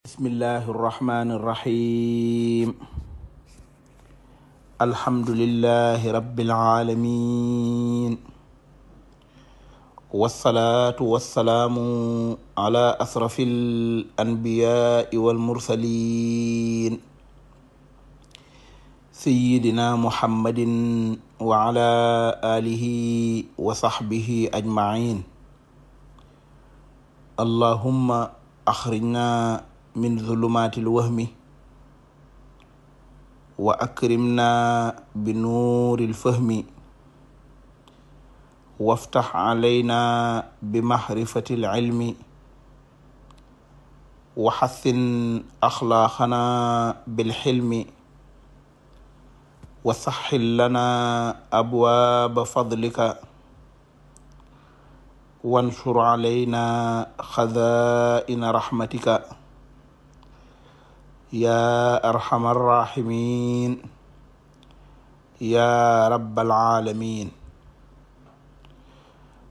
bismillahi irrahmani irrahim alhamdulillahi rabbil aalamin wassalaatu wassalaamu ala asrafi al anbiyaai walmursalin sayidina muhammadin wa ala alihi wa saxbihi ajmain allahumma axrijna min zulumaatil wahmi wa akrimna bi nuuril fahmi waftax alayna bi maxrifatil ilmi wa xassin axlaaqana bil xilmi wa saxxil lana abwaaba fadlika wansur alayna xazaa'ina raxmatika yaa arhamar raahimiin yaa rabbal aalamiin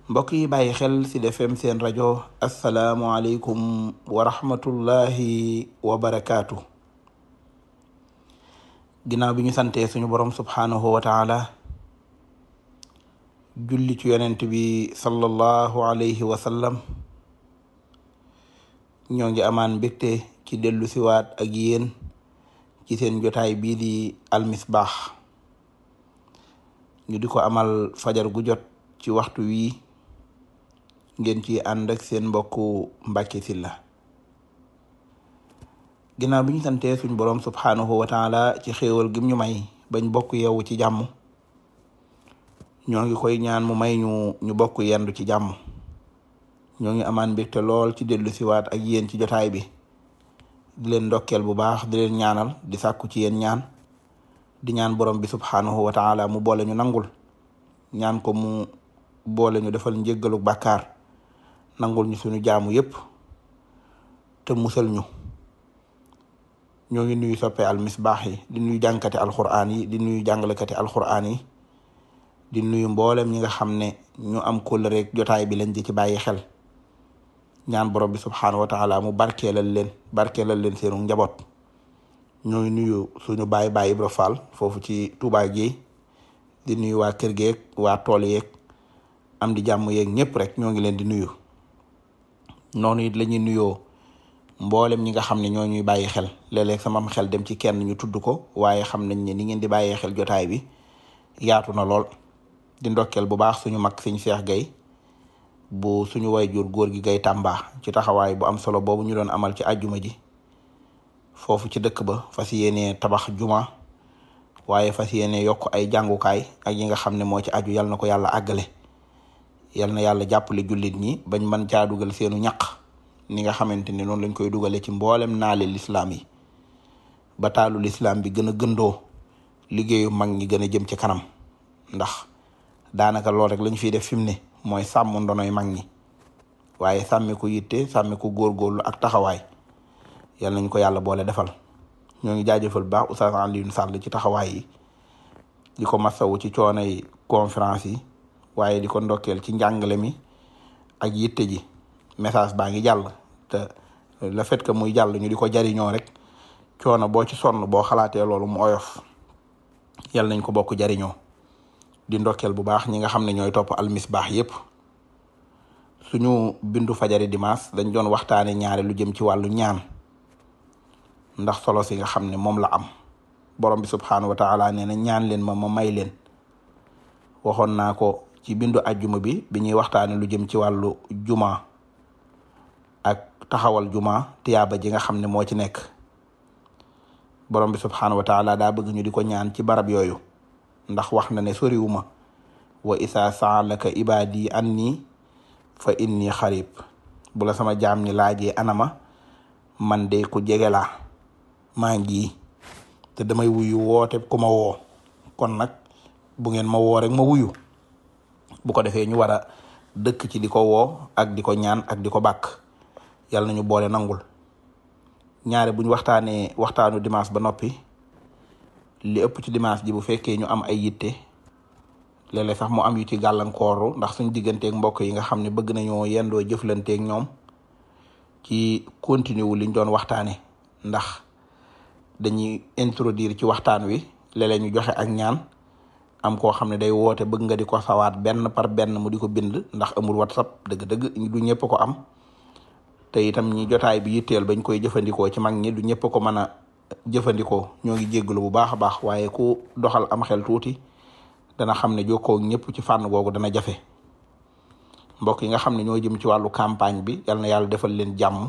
mbokk yi bàyyi xel ci seen rajo asalaamualeykum wa rahmatullahi wa barakaatu. ginnaaw bi ñu santee suñu borom subhaanahu wa taala julli ci yonent bi sallallahu alayhi wa ñoo ngi amaan mbégte ci dellu siwaat ak yéen ci seen jotaay bii di almisbaax ñu di ko amal fajar gu jot ci waxtu wii ngeen ci ànd seen mbokku Mbàkke Sylla ginnaaw bi ñu santee suñ boroom subhaanahu wa taala ci xéewal gim ñu may bañ bokk yeewu ci jàmm ñoo ngi koy ñaan mu may ñu ñu bokk yendu ci jàmm ñoo ngi amaan mbégte lool ci dellu siwaat ak yéen ci jotaay bi di leen ndokkeel bu baax di leen ñaanal di sàkku ci yéen ñaan di ñaan borom bi subhaanahu wa mu boole ñu nangul ñaan ko mu boole ñu defal njéggalu bàkkaar nangul ñu suñu jaamu yépp te musal ñu ñoo ngi nuyu soppee al misbaax yi di nuyu jànkati alquraan yi di nuyu jàngalekati alquraan yi di nuyu mboolem ñi nga xam ne ñu am kóllëre rek jotaay bi leen di ci bàyyi xel ñaan borom bi subxanahu wa taala mu barkeelal leen barkeelal leen seenu njaboot ñooy nuyu suñu baay baay Ibra Fall foofu ci Touba gi di nuyu waa kër geeg waa tool yeeg am di jàmm yeeg ñëpp rek ñoo ngi leen di nuyu noonu it la ñuy nuyoo mboolem ñi nga xam ne ñoo ñuy bàyyi xel léeg-léeg xel dem ci kenn ñu tudd ko waaye xam nañ ne ni ngeen di bàyyee xel jotaay bi yaatu na lool di ndokkeel bu baax suñu mag Sëñ Cheikh Gueye bu suñu wayjur góor gi gay tàmba ci taxawaay bu am solo boobu ñu doon amal ci àjjuma ji foofu ci dëkk ba fas yéenee tabax juma waaye fas yéenee yokk ay jàngukaay ak yi nga xam ne moo ci aju yal na ko yàlla àggale yal na yàlla jàppale jullit ñi bañ mën caa dugal seenu ñaq ni nga xamante ni noonu lañ koy dugale ci mboolem naale lislaam yi bataalu lislaam bi gën a gëndoo liggéeyu mag ñi gën a jëm ci kanam ndax daanaka lool rek lañ fiy def fi mu ne. mooy sàmm ndonoy mag ñi waaye sàmmi ko yitte sàmmi ko góorgóorlu ak taxawaay yal nañ ko yàlla boole defal ñoo ngi jaajëfal baax Oustaz Alioune Sall ci taxawaay yi di ko masawu ci coono yi conférence yi waaye di ko ndokkeel ci njàngale mi ak yitte ji message baa ngi jàll te le fait que muy jàll ñu di ko jariñoo rek coono boo ci sonn boo xalaatee loolu mu oyof yal nañ ko bokk jariñoo di ndokkeel bu baax ñi nga xam ne ñooy topp baax yépp suñu bindu fajari dimanche dañ doon waxtaane ñaare lu jëm ci wàllu ñaan ndax solo si nga xam ne moom la am borom bi subxanahu wa taala nee na ñaan leen ma may leen waxoon naa ko ci bindu ajjuma bi bi ñuy waxtaane lu jëm ci wàllu juma ak taxawal juma tiyaaba ji nga xam ne moo ci nekk borom bi subxanahu wa taala daa bëgg ñu di ko ñaan ci barab yooyu. ndax wax na ne soriwuma wa isaa saalaka ibaadi anni fa inni xarib bu la sama jaam ni laajee anama man de ku jege laa maa ngi te damay wuyu woote ku ma woo kon nag bu ngeen ma woo rek ma wuyu bu ko defee ñu war a dëkk ci di ko woo ak di ko ñaan ak di ko bàkk yàlla nañu boole nangul ñaare buñ waxtaanu dimanche ba noppi li ëpp ci dimanche ji bu fekkee ñu am ay yitte léeg-léeg sax mu am yu ci gàllankooru ndax suñ digganteeg mbokk yi nga xam ne bëgg nañoo yendoo jëflanteeg ñoom ci continue wu liñ doon waxtaane ndax dañuy introduire ci waxtaan wi léeg-léeg ñu joxe ak ñaan am koo xam ne day woote bëgg nga di ko sawaat benn par benn mu di ko bind ndax amul whatsapp dëgg du ñëpp ko am te itam ñu jotaay bi yitteel bañ koy jëfandikoo ci mag ñi du ñëpp ko mën a jëfandikoo ñoo ngi jégalu bu baax a baax waaye ku doxal am xel tuuti dana xam ne jokkoo ñépp ci fànn googu dana jafe mbokk yi nga xam ne ñoo jëm ci wàllu campagne bi yal na yàlla defal leen jàmm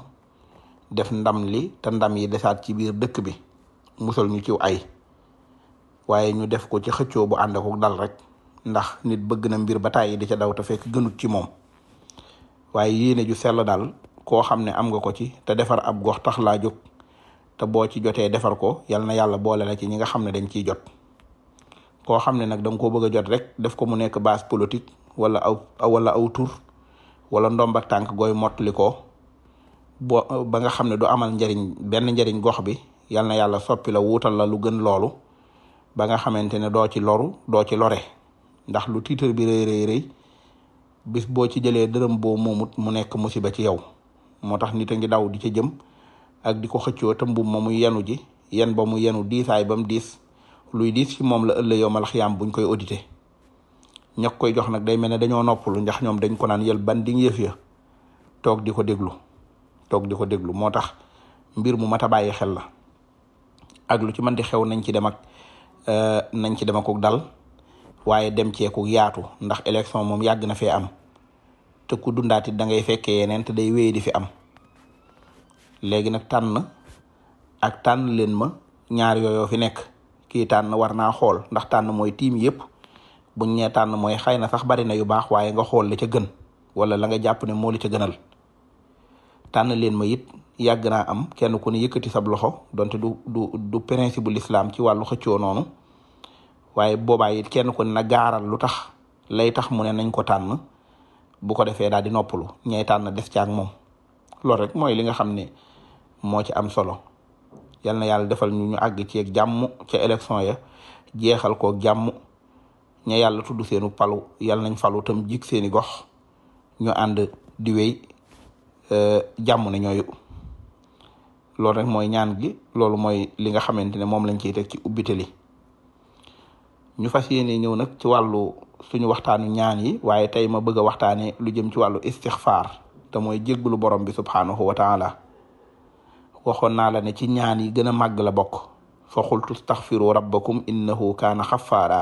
def ndam li te ndam yi desaat ci biir dëkk bi musal ñu ciw ay waaye ñu def ko ci xëccoo bu ànd ak dal rek ndax nit bëgg na mbir ba tàyyi di ca daw te fekk gënut ci moom waaye yéene ju sell daal koo xam ne am nga ko ci te defar ab gox tax laa jóg. te boo ci jotee defar ko yal na yàlla boole la ci ñi nga xam ne dañ ciy jot koo xam ne nag da nga koo bëgg a jot rek def ko mu nekk base politique wala aw wala aw tur wala ndomba tànk gooy mottali ko boo ba nga xam ne du amal njariñ benn njariñ gox bi yal na yàlla soppila la wuutal la lu gën loolu ba nga xamante ne doo ci loru doo ci lore ndax lu tiitar bi rëy rëy rëy bis boo ci jëlee dërëm boo moomut mu nekk musiba ci yow moo tax nit a ngi daw di ca jëm ak di ko xëccoo te mbubb ma mu yenu ji yen ba mu yenu diisaay ba mu diis luy diis ci moom la ëllëg yow mal xiyaam buñ koy audité ña koy jox nag day mel ne dañoo noppalu ndax ñoom dañ ko naan yel ban di yëf toog di ko déglu toog di ko déglu moo tax mbir mu mat a bàyyi xel la ak lu ci man di xew nañ ci dem ak euh, nañ ci dem ak dal waaye dem ceeku yaatu ndax élection moom yàgg na fee am te ku dundaat it da ngay fekkee yeneen te day wéy di fi am. léegi nag tànn ak tànn leen ma ñaar yooyoo fi nekk kii tànn war naa xool ndax tànn mooy tiim yëpp buñ ñee tànn mooy xëy na sax bari na yu baax waaye nga xool li ca gën wala la nga jàpp ne moo li ca gënal tànn leen ma it yàgg naa am kenn ku ne yëkkati sab loxo donte du du du principe bu lislaam ci wàllu xëccoo noonu waaye boobaa yit kenn ku ne na gaaral lu tax lay tax mu ne nañ ko tànn bu ko defee daal di noppalu ñeetaan na des ca ak moom loolu rek mooy li nga xam ne moo ci am solo yal yàlla defal ñu àgg ci jàmm ca élection ya jeexal ko jàmm ña yàlla tudd seenu palu yal nañ falu tam jik seeni gox ñu ànd di wéy e, jàmm ne rek mooy ñaan gi loolu mooy li nga xamante ne moom lañ ciy teg ci ubbite li ñu fas yéene ñëw nag ci wàllu suñu waxtaanu ñaan yi waaye tey ma bëgg a waxtaane lu jëm ci wàllu istixfaar te mooy jéggalu borom bi subhaanahu wa taala waxoon naa la ne ci ñaan yi gën a màgg la bokk fa xultu staxfiru rabbakum innahu kaana xafaara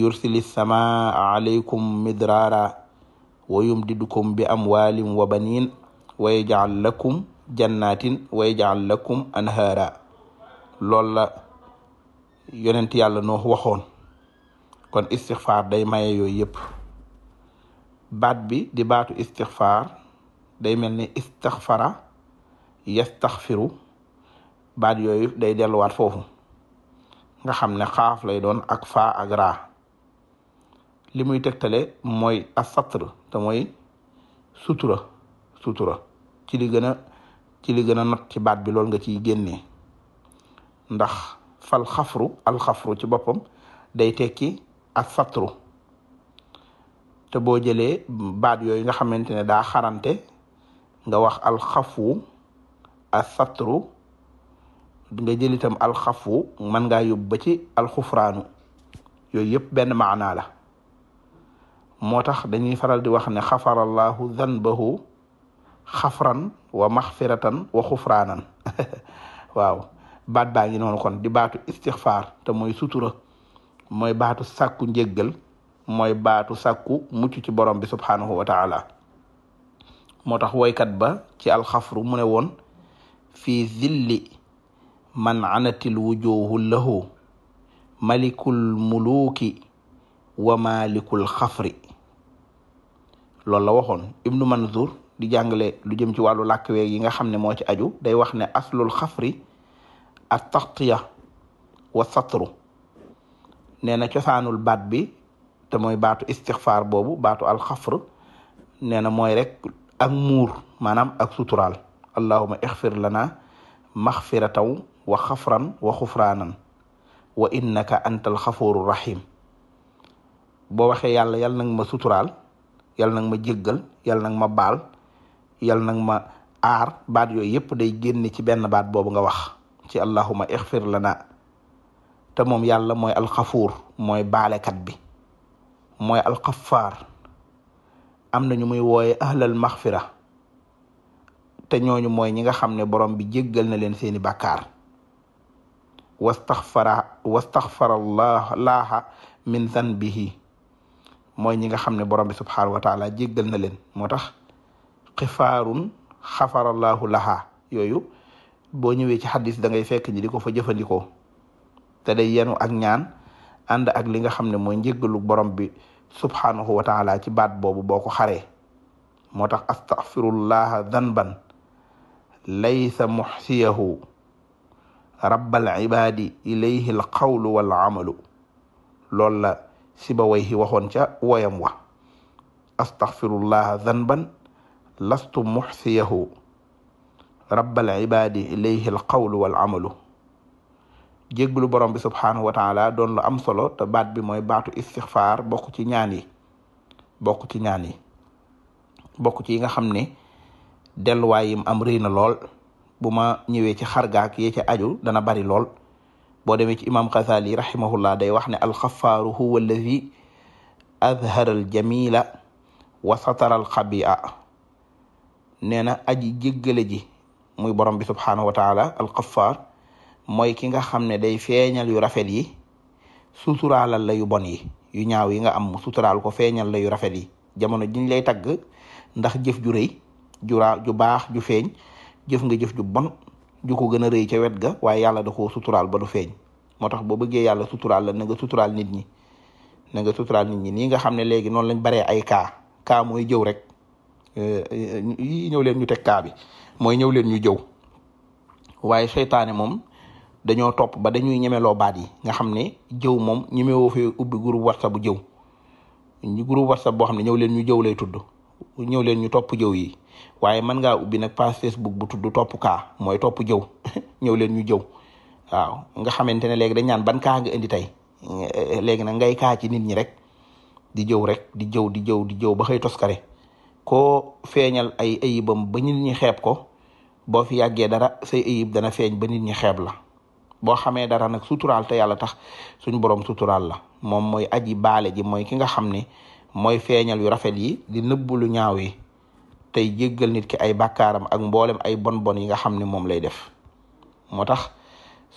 yursili samaa alaykum midraara wa yumdidukum bi wa baniin wa yajcal jannatin wa yajcal lakum anhaara loolu la yonent yàlla noo waxoon kon istixfaar day maye yooyu yëpp bi di baatu istixfaar day mel ni istixfara firu baat yooyu day delluwaat foofu nga xam ne xaaf lay doon ak faa ak raa li muy tegtale mooy asatr te mooy sutura sutura ci li gën a ci li gën a not ci baat bi loolu nga ciy génnee ndax fal xafru alxafru ci boppam day tekki satru te boo jëlee baat yooyu nga xamante ne daa xarante nga wax alxafu asatru nga jëlitam itam man mën ngaa ba ci alxufraanu yooyu yëpp benn maanaa la moo tax dañuy faral di wax ne xafarallahu danbahu xafran wa maxfiratan wa xufraanan waaw baat baa ngi noonu kon di baatu istixfaar te mooy sutura mooy baatu saku njéggal mooy baatu sàkku mucc ci borom bi subhaanahu wa moo tax woykat ba ci alxafru mu ne woon fi dilli man canatil wujuuhu lahu malikul muluuki wa malikul xafri loolu la waxoon ibnu manzur di jàngale lu jëm ci wàllu làkk we yi nga xam ne moo ci aju day wax ne aslul xafri at taxtiya wa satru nee na cosaanul baat bi te mooy baatu istixfaar boobu baatu alxafr nee na mooy rek ak muur maanaam ak sutural allahuma ixfir lana maxfirataw wa xafran wa xufraanan wa innaka antal xafuru rahim boo waxee yàlla yal nag ma suturaal yal nag ma jéggal yal nag ma baal yal nag ma aar baat yooyu yépp day génn ci benn baat boobu nga wax ci allahuma ixfir lana te moom yàlla mooy alxafuur mooy baalekat bi mooy alxafaar am na ñu muy wooye ahlal maxfira te ñooñu mooy ñi nga xam ne borom bi jéggal na leen seeni bàkkaar wastaxfara wastaxfara laaha min zanbihi mooy ñi nga xam ne borom bi subhaanahu wa taala jéggal na leen moo tax xifaarun xafarallaahu laha yooyu boo ñëwee ci xadis da ngay fekk ñi di ko fa jëfandikoo te day yenu ak ñaan ànd ak li nga xam ne mooy njéggalu borom bi subhaanahu wa taala ci baat boobu boo ko xaree moo tax astaxfirullaha zanban laysa muxsiyahu rabbal ibaadi ilayhi alqawlu wal amalu loolu la Sibawayhi waxoon ca woyam wa astaxfirullaha zanban lastu muxsiyahu rabbal ibaadi ilayhi alqawlu wal amalu jégglu borom bi subhaanahu wa taala doon lu am solo te baat bi mooy baatu istixfaar bokk ci ñaan yi bokk ci ñaan yi bokk ci yi nga xam ne delluwaay yim am rëy na lool bu ma ñëwee ci xargaak yee ci aju dana bari lool boo demee ci imam Xasaali rahimahullah day wax ne alxafaaru huwa alladi adhara al jamila wa satara al xabia nee na aji jéggale ji muy borom bi subhaanahu wa taala mooy ki nga xam ne day feeñal yu rafet yi suturaalal la yu bon yi yu ñaaw yi nga am suturaal ko feeñal la yu rafet yi jamono jiñ lay tagg ndax jëf ju rëy juraa ju baax ju feeñ jëf nga jëf ju bon ju ko gën a rëy ca wet ga waaye yàlla da ko suturaal ba du feeñ moo tax boo bëggee yàlla suturaal la na suturaal nit ñi na nga suturaal nit ñi nii nga xam ne léegi noonu lañ baree ay kaa kaa mooy jëw rek yi ñëw leen ñu teg kaa bi mooy ñëw leen ñu jëw waaye seytaane moom dañoo topp ba dañuy ñemeloo baat yi nga xam ne jëw moom ñemewoo fee ubbi groupe whatsapp bu jëw groupe whatsapp boo xam ne ñëw leen ñu jëw lay tudd ñëw leen ñu topp jëw yi waaye mën ngaa ubbi nag page Facebook bu tudd topp kaa mooy topp jëw ñëw leen ñu jëw waaw nga xamante ne léegi dañ naan ban kaa nga indi tey eh, léegi nag ngay kaa ci nit ñi rek di jëw rek di jëw di jëw di jëw ba xëy toskare koo feeñal ay ayibam ba nit ñi xeeb ko boo fi yàggee dara say ayib dana feeñ ba nit ñi xeeb la boo xamee dara nag suturaal te yàlla tax suñ borom sutural la moom mooy aji baale ji mooy ki nga xam ne mooy feeñal yu rafet yi di nëbbu lu ñaaw yi tey jéggal nit ki ay bakkaaram ak mboolem ay bon-bon yi nga xam ne moom lay def moo tax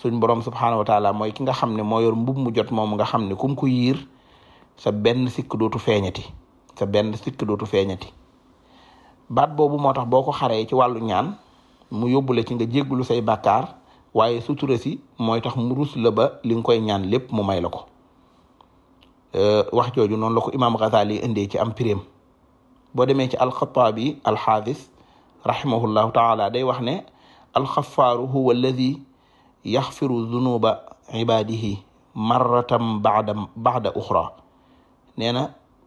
suñ borom subhaanahu wa mooy ki nga xam ne moo yor mbub mu jot moom nga xam ne kum ko yiir sa benn sikk dootu feeñati sa benn sikk dootu feeñati baat boobu moo tax boo ko xaree ci wàllu ñaan mu yóbbule ci nga jéggalu say bàkkaar waaye sutura si mooy tax mu rus la ba li nga koy ñaan lépp mu may la ko Euh, wax jooju noonu la ko imaam Ghazali indee ci am pireem boo demee ci alxataabi alxaadis rahimahullahu taala day wax ne alxafaaru huwa alladi yaxfiru zunuba ibadihi marratan bada bada uxra nee na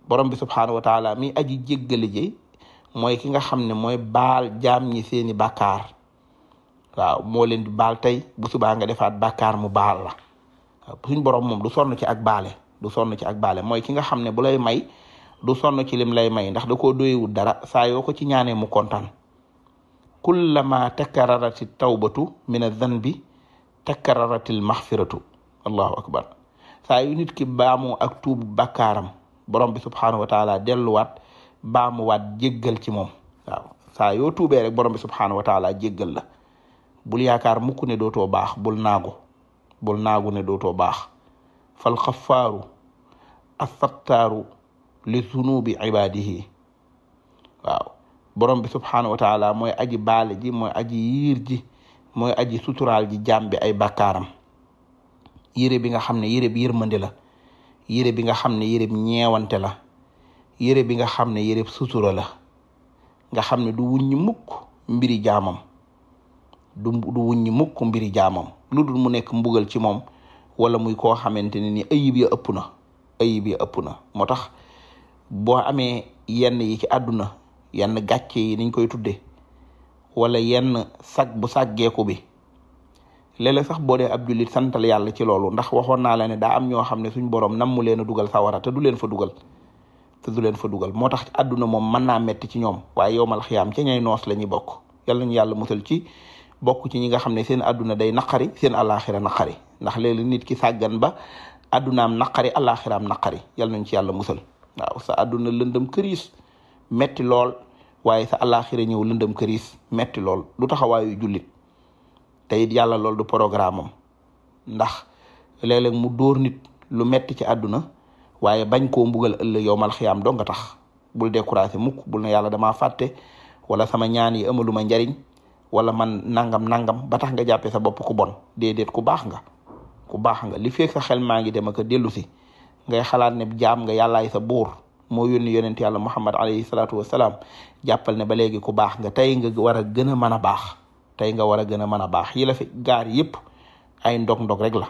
borom bi subhaanahu mi aji jéggale ji mooy ki nga xam ne mooy baal jaam ñi seeni bàkkaar waw moo leen di baal tey bu nga defaat bàkkaar mu baal la suñ borom moom du sonn ci ak baale du sonn ci ak baale mooy ki nga xam ne bu lay may du sonn ci lim lay may ndax da koo doyewul dara saa yoo ko ci ñaanee mu kontaan kullama takararati tawbatu min adhanbi takararatil maxfiratu allahu akbar saa yu nit ki baamu ak tuubu bakkaaram borom bi subhanahu wa taala delluwaat baamuwaat jéggal ci moom yoo tuubee borom bi subhanahu wa jéggal la bul yaakaar mukk ne dootoo baax bul naagu bul naagu ne dootoo baax falxafaaru assattaaru li zunubi ibadihi waaw borom bi subhaanahu wa mooy aji baale ji mooy aji yiir ji mooy aji suturaal ji jaam ay bàkkaaram yére bi nga xam ne yére bi yërmande la yére bi nga xam ne yére ñeewante la yére bi nga xam ne yére sutura la nga xam ne du wuññi mukk mbiri jaamam du du wuññi mukk mbiri jaamam lu dul mu nekk mbugal ci moom wala muy koo xamante ne ni ayib ya ëpp na ayib ya ëpp na moo tax boo amee yenn yi ci àdduna yenn gàcce yi niñ koy tuddee wala yenn sag bu sàggeeku bi léeg-léeg sax boo de ab jullit santal yàlla ci loolu ndax waxoon naa la ne daa am ñoo xam ne suñ borom nam mu leen a dugal sawara te du leen fa dugal te du leen fa dugal moo tax àdduna moom mën naa metti ci ñoom waaye yow mal xiyaam ca ñay noos la ñuy bokk yàlla ñu yàlla musal ci bokk ci ñi nga xam ne seen àdduna day naqari seen alaxira naqari ndax léegi nit ki sàggan ba àddunaam naqari alaxiraam naqari yal nañ ci yàlla musal waaw sa àdduna lëndëm këriis metti lool waaye sa alaxira ñëw lëndëm këriis metti lool lu taxawaayu jullit te yàlla lool du programme am ndax léeg-léeg mu dóor nit lu metti ci àdduna waaye bañ koo mbugal ëllëg yow mal xiyaam nga tax bul découragé mukk bul na yàlla damaa fàtte wala sama ñaan yi amalu njariñ wala man nangam nangam ba tax nga jàppe sa bopp ku bon déedéet ku baax nga ku baax nga li fekk sa xel maa ngi dem ak a dellu si ngay xalaat ne jaam nga yàllaay sa buur moo yónni yonent yàlla muhammad alayhi salaatu wasalaam jàppal ne ba léegi ku baax nga tey nga war a gën a mën a baax tey nga war a gën a mën a baax yi la fi gaar yëpp ay ndog ndog rek la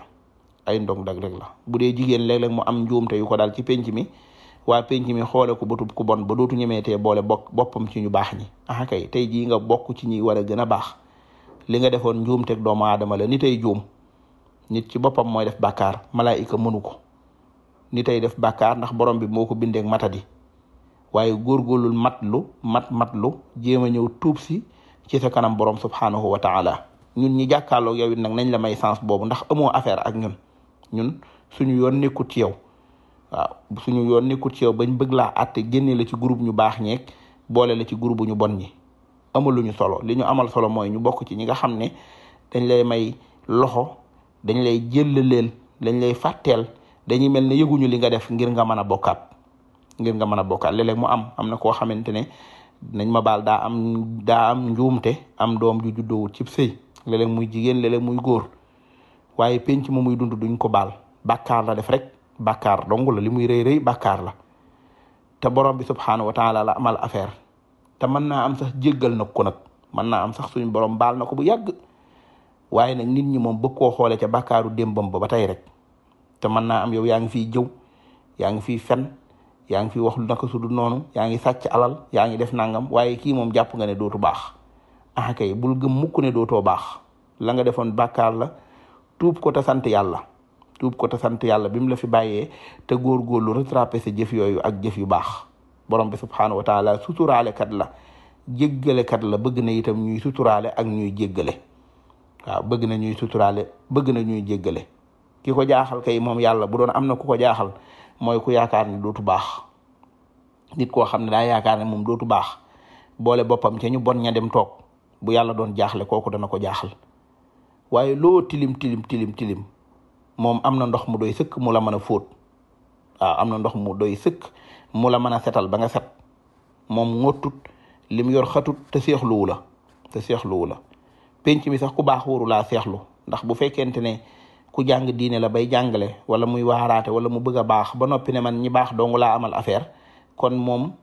ay ndog ndog rek la bu dee jigéen léeg-léeg mu am njuumte yu ko daal ci penc mi waa penc mi xoole ko botu ku bon ba dootu ñemeetee boole bokk boppam ci ñu baax ñi ah kay tey jii nga bokk ci ñi war a gën a baax li nga defoon njuum teg doomu aadama la ni tey juum nit ci boppam mooy def bàkkaar malaayika mënu ko ni tey def bàkkaar ndax borom bi moo ko bindeeg matadi waaye góorgóorlul mat lu mat mat lu jéem a ñëw tuub si ci sa kanam borom subhanahu wa taala ñun ñi jàkkaarloog yow it nag nañ la may sens boobu ndax amoo affaire ak ñun ñun suñu yoon nekkut ci yow waaw suñu yoon nekkul ci yow bañ bëgg laa àtte génne la ci groupe ñu baax ñeeg boole la ci groupe ñu bon ñi ñu solo li ñu amal solo mooy ñu bokk ci ñi nga xam ne dañ lay may loxo dañ lay jëllaleel dañ lay fàtteel dañuy mel ne yëguñu li nga def ngir nga mën a bokkaat ngir nga mën a bokkaat léeg mu am am na koo xamante ne nañ ma baal daa am daa njuumte am doom ju juddoowut cib sëy léeg-léeg muy jigéen léeg-léeg muy góor waaye penc mu muy dund duñ ko baal bàkkaar def rek bàkkaar dong la li muy rëy rëy bàkkaar la te borom bi subxanahu wa taala la amal affaire te mën naa am sax jéggal na ko nag mën naa am sax suñu borom baal na ko bu yàgg waaye nag nit ñi moom bëgg koo xoolee ca bàkkaaru démbam ba ba tey rek te mën naa am yow yaa ngi fiy jëw yaa ngi fiy fen yaa ngi fiy wax lu naka su noonu yaa ngi sàcc alal yaa ngi def nangam waaye kii moom jàpp nga ne dootu baax ah kay bul gëm mukk ne dootoo baax la nga defoon bàkkaar la tuub ko ta sant yàlla. tuub ko te sant yàlla bi mu la fi bàyyee te góorgóorlu rattrapé sa jëf yooyu ak jëf yu baax borom bi subhaanahu wa suturaale suturaalekat la jéggalekat la bëgg na itam ñuy suturaale ak ñuy jéggale waaw bëgg na ñuy suturaale bëgg na ñuy jéggale ki ko jaaxal kay moom yàlla bu doon am na ku ko jaaxal mooy ku yaakaar ne dootu baax nit koo xam ne daa yaakaar ne moom dootu baax boole boppam ca ñu bon ña dem toog bu yàlla doon jaaxle kooku dana ko jaaxal waaye loo tilim tilim tilim moom am na ndox mu doy sëkk mu la mën a fóot waaw am na ndox mu doy sëkk mu la mën a setal ba nga set moom ngottut lim yor xatut te seexluwu la te la penc mi sax ku baax wóoru laa seexlu ndax bu fekkente ne ku jàng diine la bay jàngale wala muy waaraate wala mu bëgg baax ba noppi ne man ñi baax dong laa amal affaire kon moom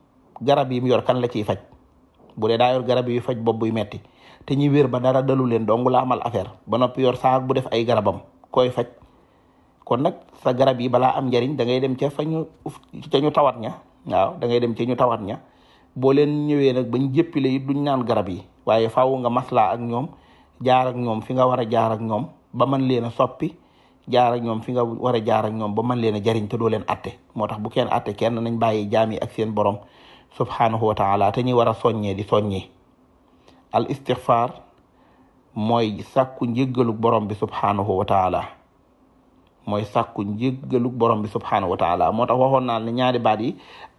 garab yi mu yor kan la ciy faj bu dee daa yor garab yuy faj bopp buy metti te ñi wér ba dara dalu leen dong la amal affaire ba noppi yor saak bu def ay garabam koy faj kon nag sa garab yi balaa am njariñ da ngay dem ca fa ñu ca tawat ña waaw dangay dem cee ñu tawat ña boo leen ñëwee nag bañ jëppile it duñ naan garab yi waaye faaw nga maslaa ak ñoom jaar ñoom fi nga war a jaar ñoom ba mën leen a soppi jaar ak ñoom fi nga war a jaar ñoom ba mën leen a jariñ te doo leen atte moo tax bu kenn atte kenn nañ bàyyi jaam yi ak seen borom subhanahu wa taala te war a soññee di soññee al istixfar mooy sàkku borom bi subhanahu wa taala mooy sàkku njéggalu borom bi subhaanahu wa moo tax waxoon naa ne ñaari baat yi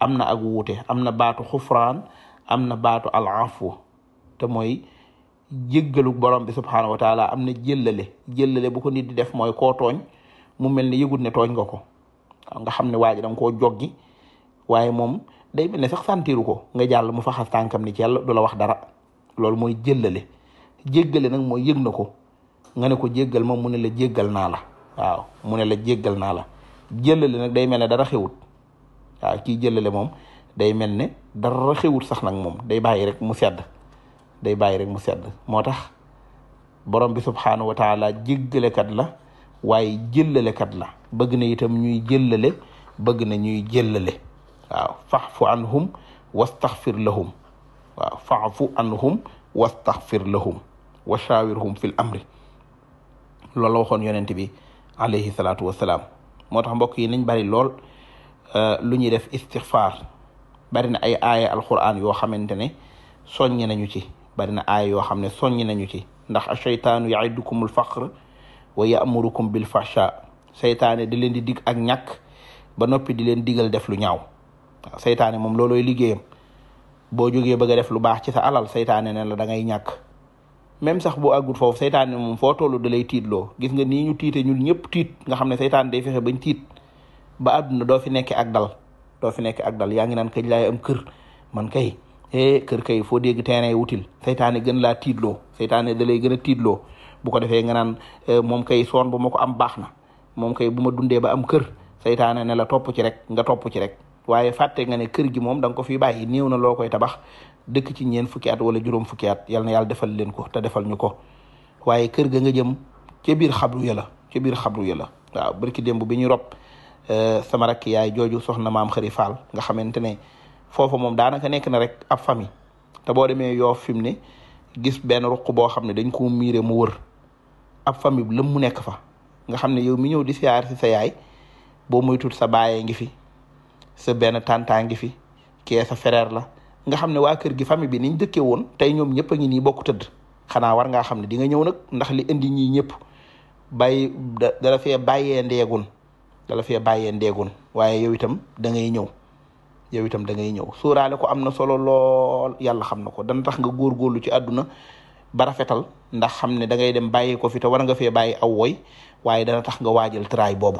am na ak wuute am na baatu xufraan am na baatu alafu te mooy jéggalu borom bi subhaanahu wa am na jëllale jëllale bu ko nit di def mooy koo tooñ mu mel ni yëgut ne tooñ nga ko nga xam ne waa ji da nga koo joggi waaye moom day mel ne sax santiru ko nga jàll mu faxas tànkam ni ci yàlla du wax dara loolu mooy jëllale jéggale nag mooy yëg ko nga ne ko jéggal ma mu ne la jéggal naa la waaw mu ne la jéggal naa la jëllale nag day mel ne dara xewut waaw kii jëllale moom day mel ne dara xewut sax nag moom day bàyyi rek mu sedd day bàyyi rek mu sedd moo tax borom bi subhaanahu wa taala jéggalekat la waaye jëllalekat la bëgg na itam ñuy jëlale bëgg na ñuy jëllale waaw fa'fu anhum wastaghfir lahum waaw fa'fu anhum wastaghfir lahum wa shaawirhum fil amri loolu la bi alayhi salaatu wasalaam moo tax mbokk yi nañ bari lool euh, lu ñuy def istixfaar bari na ay aaya yoo xamante ne soññi nañu ci bari na aaya yoo xam ne soññi nañu ci ndax asheytaanu yaidukum alfaqr wa yamurukum bil fahsha seytaane di leen di dig ak ñàkk ba noppi di leen digal def lu ñaaw waaw seytaane moom loolooy liggéeyam boo jógee bëgg a def lu baax ci sa alal seytaane ne la da ngay ñàkk même sax boo àggul foofu seytaane moom foo tollu da lay tiitloo gis nga nii ñu tiite ñun ñëpp tiit nga xam ne seytaane day fexe bañ tiit ba àdduna doo fi nekkee ak dal doo fi nekkee ak dal yaa ngi naan kañ laay am kër man kay eh kër kay foo dégg terrain wutil seytaane gën laa tiitloo seytaane da lay gën a tiitloo bu ko defee nga naan eh, moom kay soon bu ma ko am baax na moom kay bu ma dundee ba am kër seytaane ne la topp ci rek nga topp ci rek waaye fàtte nga ne kër gi moom da nga ko fi yi néew na loo koy tabax dëkk ci ñeen fukki at wala juróom fukki at yal na yàlla defal leen ko te defal ñu ko waaye kër ga nga jëm ca biir xabru ya la ca biir xabru ya la waaw barki démb bi ñu rob euh, sama rakk yaay jooju soxna maam xëri faal nga xamante ne foofa moom daanaka nekk na rek ab famille te boo demee yoo fi mu ne gis benn ruq boo xam ne dañ ko miire mu wër ab famille lëm mu nekk fa nga xam ne yow mi ñëw di siyaar si sa yaay boo moytuwul sa baayee ngi fi sa benn tàntaa ngi fi kee sa frère la nga xam ne waa kër gi famille bi niñ dëkkee woon tey ñoom ñëpp a ngi ni bokk tëdd xanaa war ngaa xam ne di nga ñëw nag ndax li indi ñii ñëpp bàyyi dala fee bàyyee ndeegun dala fee bàyyee ndeegun waaye yow itam da ngay ñëw yow itam da ngay ñëw sóoraale ko am na solo lool yàlla xam na ko dana tax nga góorgóorlu ci àdduna ba rafetal ndax xam ne dangay dem bàyyi ko fi te war nga fee bàyyi aw waaye dana tax nga waajal tray boobu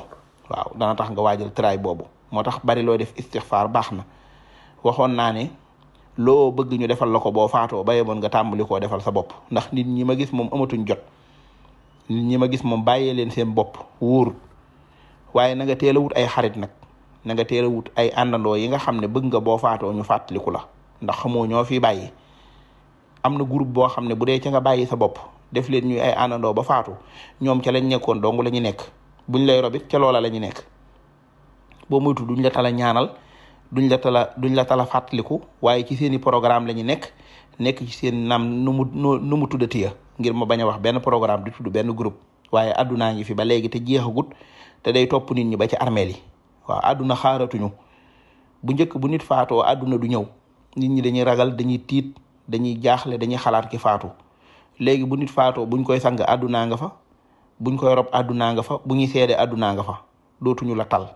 waaw dana tax nga waajal tray boobu moo tax bari looy def istixfaar baax na loo bëgg ñu defal la ko boo faatoo baye moon nga tàmbali koo defal sa bopp ndax nit ñi ma gis moom amatuñ jot ñi ma gis moom bàyyee leen seen bopp wóorut waaye nanga teela wut ay xarit nag na nga teel a wut ay àndandoo yi nga xam ne bëgg nga boo faatoo ñu fàttaliku la ndax xamoo ñoo fi bàyyi am na groupe boo xam ne bu dee ca nga bàyyi sa bopp def leen ñuy ay àndandoo ba faatu ñoom ca lañ nekkoon dong la ñu nekk buñ lay robit ca loola la ñu nekk boo moytu duñ latal a ñaanal duñ la tala duñ la tala fàttaliku waaye ci seen i programme la ñu nekk nekk ci seen nam nu mu nu mu tuddati ya ngir ma bañ a wax benn programme di tudd benn groupe waaye addunaa ngi fi ba léegi te jeexagut te day topp nit ñi ba ci armeel yi waaw adduna xaaratuñu bu njëkk bu nit faatoo adduna du ñëw nit ñi dañuy ragal dañuy tiit dañuy jaaxle dañuy xalaat ki faatu léegi bu nit faatoo buñ koy sang addunaa nga fa buñ koy rob addunaa nga fa bu ñuy seede addunaa nga fa dootuñu la tal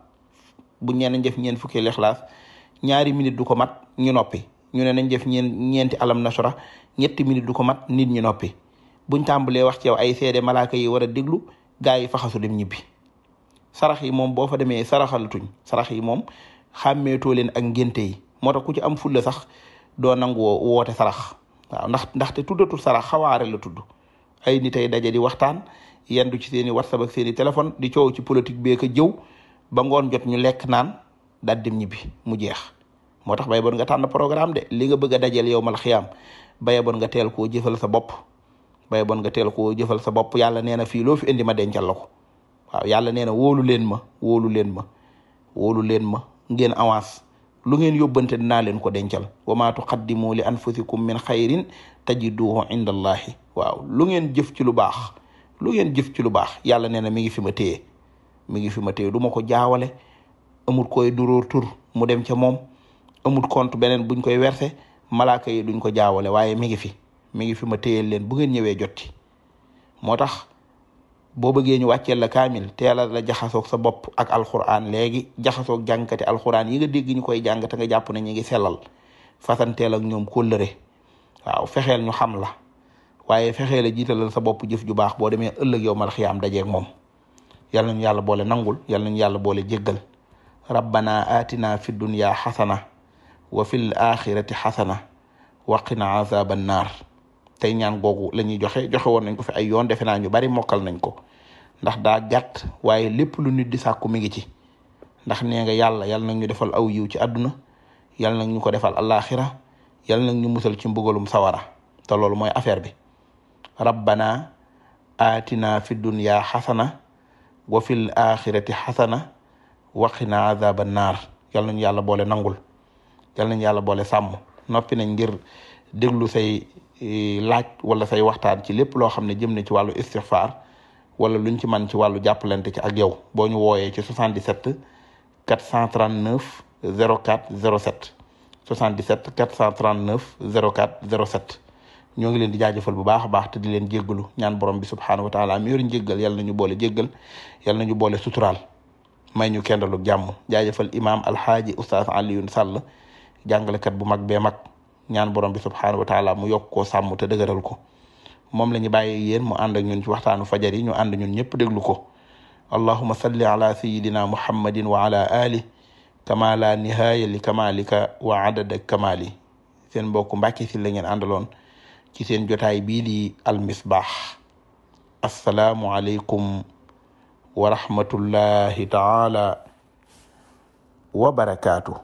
bu ñeen nañ def ñeent fukki lixlaas ñaari minute du ko mat ñu noppi ñu ne nañ def ñeen ñeenti alam nasra ñetti minute du ko mat niit ñu noppi buñ tàmbalee wax ci ay seede malaaka yi war a déglu gaa yi faxasu dem ñibbi sarax yi moom boo fa demee saraxalatuñ sarax yi moom xàmmeetoo leen ak ngénte yi moo tax ku ci am fulla sax doo nangu woote sarax waaw ndax ndaxte tuddatul sarax xawaare la tudd ay nit ay daje di waxtaan yendu ci seen i whatsapp ak seen i téléphone di coow ci politique beeka jëw ba ngoon jot ñu lekk naan daal dem ñibbi mu jeex moo tax bay bon nga tànn programme de li nga bëgg a dajeel yow mal xiyaam bay bon nga teel koo jëfal sa bopp bay bon nga teel koo jëfal sa bopp yàlla nee na fii loo fi indi ma dencal la ko waaw yàlla nee na wóolu leen ma wóolu leen ma wóolu leen ma ngeen avance lu ngeen yóbbante naa leen ko dencal wa maa tuqaddimu li anfusikum min xayrin tajiduhu inda allahi waaw lu ngeen jëf ci lu baax lu ngeen jëf ci lu baax yàlla nee na mi ngi fi ma téye mi ngi fi ma téye du ma ko jaawale amul koy duróor mu dem ca moom amut compte beneen buñ koy werse malaaka yi duñ ko jaawale waaye mi ngi fi mi ngi fi ma téyel leen bu ngeen ñëwee jotti moo tax boo bëggee ñu wàcceel la kaamil teela la jaxasoog sa bopp ak alxuraan léegi jaxasoog jàngkati alxuraan yi nga dégg ñu koy jàng te nga jàpp ne ñu ngi sellal fasanteel ak ñoom kóllëre waaw fexeel ñu xam la waaye fexeel a jiitalal sa bopp jëf jubaax baax boo demee ëllëg yow mal xiyaam dajeeg moom yal nañu yàlla boole nangul yal nañu yàlla boole jéggal rabbana atina fi dunya xasana wa fil axirati xasana wa qina azaba annaar ñaan googu la joxe joxe woon nañ ko fi ay yoon defe naa ñu bari mokkal nañ ko ndax daa gàtt waaye lépp lu nit di sàkku mi ngi ci ndax nee nga yàlla yal nag ñu defal aw yiw ci àdduna yal nañu ko defal alaxira yal nag ñu musal ci mbugalum sawara te loolu mooy affaire bi rabbana atina fi dunya xasana wa fil axirati xasana waqina azaba naar yal nañu yàlla boole nangul yal nañu yàlla boole sàmm noppi nañ ngir déglu say e, laaj wala say waxtaan ci lépp loo xam ne jëm na ci wàllu istixfaar wala luñ ci man ci wàllu jàppalante ci ak yow boo ñu wooyee ci 77 439 04 07 77 439 04 07 ñoo ngi leen di jaajëfal bu baax a baax te di leen jéggalu ñaan borom bi subhaanahu wa taala mi yor njéggal yàlla nañu boole jéggal yàlla nañu boole suturaal may ñu kendalu jàmm jaajëfal imaam alxaaji oustaz Alioune Sall jàngalekat bu mag bee mag ñaan borom bi subhaanahu wa taala mu yokk koo sàmm te dëgëral ko moom la ñu bàyyi yéen mu ànd ak ñun ci waxtaanu fajar yi ñu ànd ñun ñëpp déglu ko allahuma salli ala sayidina muhammadin wa ala ali kama la nihaaya li kamalika wa adada kamali seen mbokk Mbàkke si la ngeen àndaloon ci seen jotaay bii di almisbaax assalaamu aleykum wa rahmatullahi taala wa barakaatu